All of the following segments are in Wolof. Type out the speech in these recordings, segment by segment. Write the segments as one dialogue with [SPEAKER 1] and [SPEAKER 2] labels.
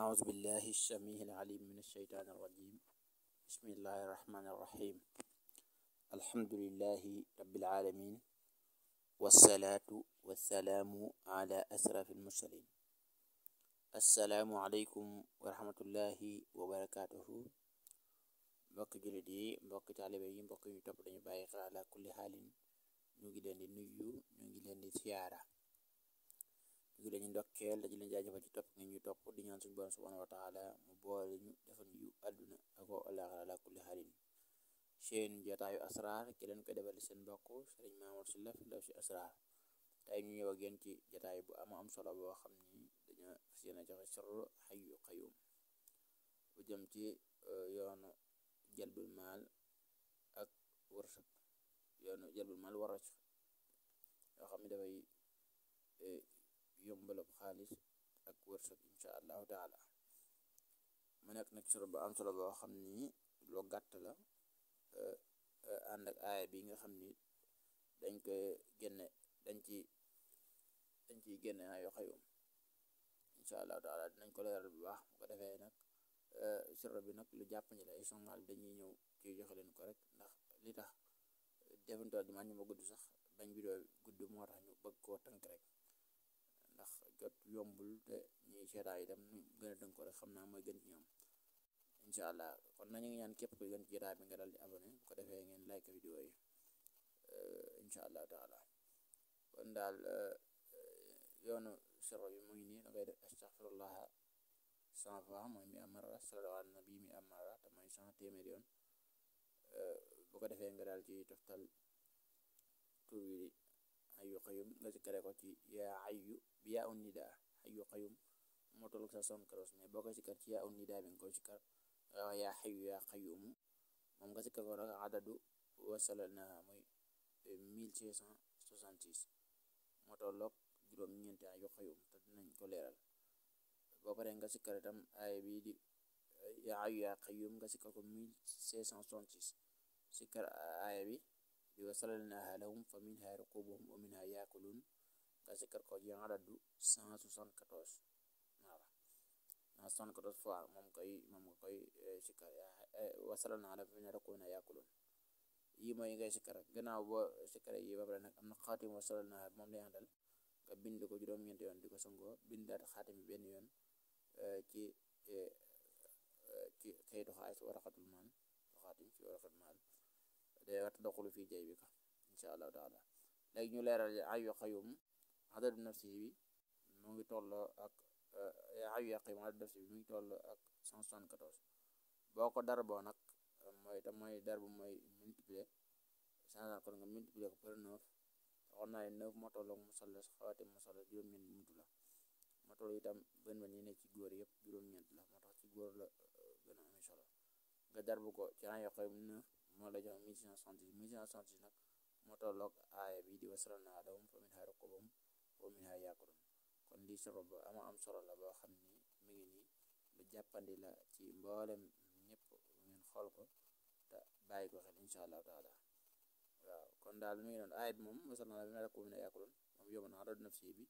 [SPEAKER 1] أعوذ بالله السميع العليم من الشيطان الرجيم بسم الله الرحمن الرحيم الحمد لله رب العالمين والصلاة والسلام على أشرف المرسلين السلام عليكم ورحمة الله وبركاته mbokk jullit yi mbokk taalibe yi mbokk yu topp dañu bàyyi xel ala kulli xaalin ñu ngi leen di lañuy ndokkeel dañu leen jaajëfal ci topp nga ñuy topp di ñaan suñu borom subhanahu wa taala mu boole ñu defal yu àdduna ako alaxira ala kulli xaalin seen jataayu asraar ki leen koy defal seen mbokk sëriñ Mamour Sylla Firdawsi asraar tey ñu ñëw ak yéen ci jataay bu am am solo boo xam ni dañoo fas yéene joxe sirru xayu xayum bu jëm ci euh, yoonu jalbul maal ak wërsëg yoonu jalbul maal war yoo xam ne dafay euh, yombalab xaalis ak wërsëg incha allahu taala mu nekk nag solo bu am solo boo xam ni loo gàtt la eh, eh, ànd ak aaya bi nga xam ni dañ koy génne dañ ci dañ ciy génne ay xayum incha allahu taala dinañ ko leeral bu baax bu ko defee nag sura eh, bi nag lu jàpp ñi la isonal dañuy ñëw ci joxe leen ko rek ndax li tax defantool di man ñu ma gudd sax bañ bi doo gudd moo tax ñu bëgg koo tank rek ndax jot yombul te ñuy seetaan itam ñu gën a ko rek xam naa mooy gën ci ñoom incha allah kon nañu ngi ñaan képp ko gën ci jotaay bi nga dal di abonné bu ko defee ngeen like vidéo yi euh, incha allah taala kon daal euh, yoonu sero yi mu ngi nii da ngay def astaghfirullah cent fois euh, nga daal ci toftal tur wi xayu xayum nga sikkare ko ci yaa xayu bi yaa un nidaa xayu xayum moo tollu sa son mais boo ko sikkar ci yaa un nidaa bi nga koy yaa xayu yaa xayum moom nga sikkar ko rek adadu wasala naa muy 1666 eh, moo tolloog juróom ñeenti xayu xayum te dinañ ko leeral boo paree nga sikkar itam ay di xayu yaa xayum nga sikkar ko 1666 sikkar aaya bi eh, وسللناها لهم فمنها ركوبهم ومنها يأكلون kasikar ko jeng adadu 174 waaw 174 fois moom koy moom nga koy sikar wasala naa la fi ne rek na yàkkuloon yi mooy ngay sikar gannaaw boo yi ba am na xaatim wasala naa moom lay àndal nga bind ko juróom-ñeenti yoon di ko sangoo bindaat xaatim bi benn yoon ci kayitu xaalis war watadxulu fii jay bi ka insha allahu taala léegi ñu leeral ayu xayum adadu nafsihi bi mu ngi tolloo ak eh, ayu xayum adadu nafsihi bi mu ngi tolloo ak 174 boo ko darboo nag mooy tam mooy darbu mooy multiplier 174 nga multiplier ko par 9 waxoon naa ne 9 moo tolloo musallas xawaati musallas juróom-ñeent mutu la moo toll itam benn benn yi nekk ci góor yëpp juróom-ñeent la moo tax ci góor la eh, gën a am nga darbu ko ci ayu xayum 9 moo la jox 1570 1570 nag moo tolloog aaya bi di wasaral naa dawum fa min haa ruqubum wa min haa yaakulun kon lii soro ba ama am solo la boo xam ni mu ngi nii lu jàppandi la ci mboolem ñëpp ngeen xool ko te bàyyi ko xel incha allahu taala waaw kon daal mi ngi doon aaya bi moom wasaral naa bi min haa ruqubum wa min haa yaakulun moom yóbbu na aradu nafsi bi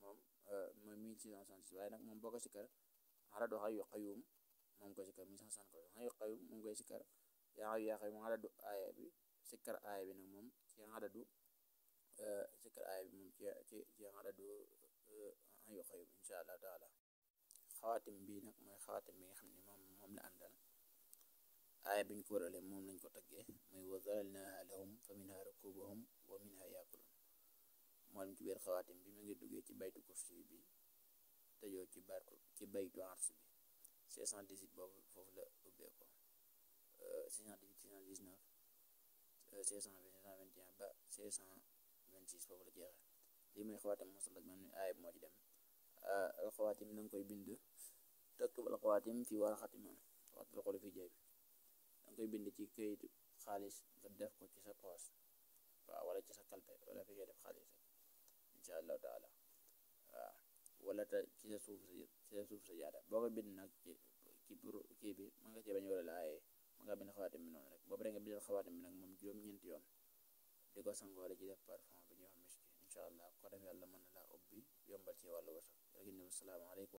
[SPEAKER 1] moom euh, mooy 1576 waaye nag moom boo ko si kër aradu xayu xayum moom ko si kër 1574 xayu xayum moom yaa ngi yaa moom adadu aaya bi sikkar aaya nag moom ci adadu sikkar euh, aaya bi moom ci ci ci adadu ayu euh, insha allah taala xawaatim bi nag mooy xawaatim bi nga xam ne moom moom la àndal aaya biñ moom lañ ko taggee muy wa zalalnaha lahum fa minha rakubuhum wa minha yaakulun moom ci biir xawaatim bi mu ngi duggee ci baytu kursi bi tëjoo ci barku ci baytu ars bi 618 boobu foofu la ubbee 619, 621 ba 626 foofu la jeexee lii mooy xawaatim musallat man aaya bi moo ci dem alxawaatim na nga koy bind taktub alxawaatim fii waraqati ma waxtu xool fii jaay bi da nga koy bind ci këyitu xaalis nga def ko ci sa poos waaw wala ci sa kalpe wala fi ngay def xaalis incha allahu taala waaw wala te ci sa suuf sa ci sa suuf sa jaada boo ko bind nag ci kii bi mën nga cee bañ a wala laayee nga bind xawaatim bi noonu rek boobu rek nga bindal xawaatim bi nag moom juróom-ñeenti yoon di ko sangoole ci def parfum bi ñuy wax miski incha allah ko def yàlla mën na laa ubbi yombal ci wàllu wasu rek ni wasalaamaaleykum